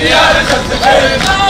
يا رجل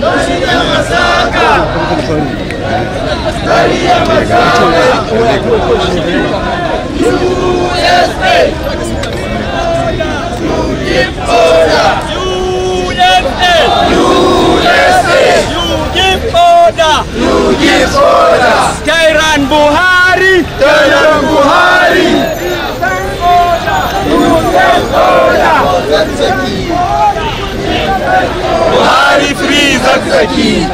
Maria Massacre! الزكي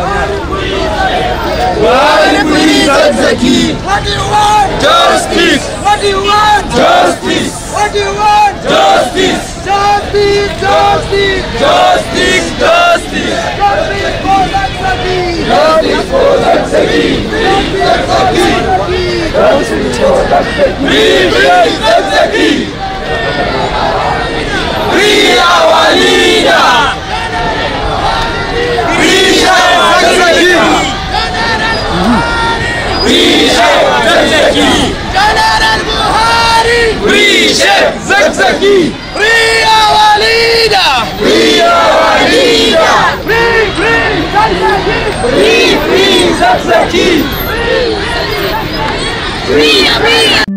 وعلى police and Zaki. What do you want? Justice. What do you want? Justice. What do you want? Justice. Justice. Justice. Justice. Justice. Justice for Zaki. Justice for Zaki. Justice for Zaki. Justice for Zaki. We raise Zaki. We our leader. Zagzaghi! Ria Valida! Ria Valida! Ri, Ri, Zagzaghi! Ri, Ri, Zagzaghi! Ri, Ri, Zagzaghi!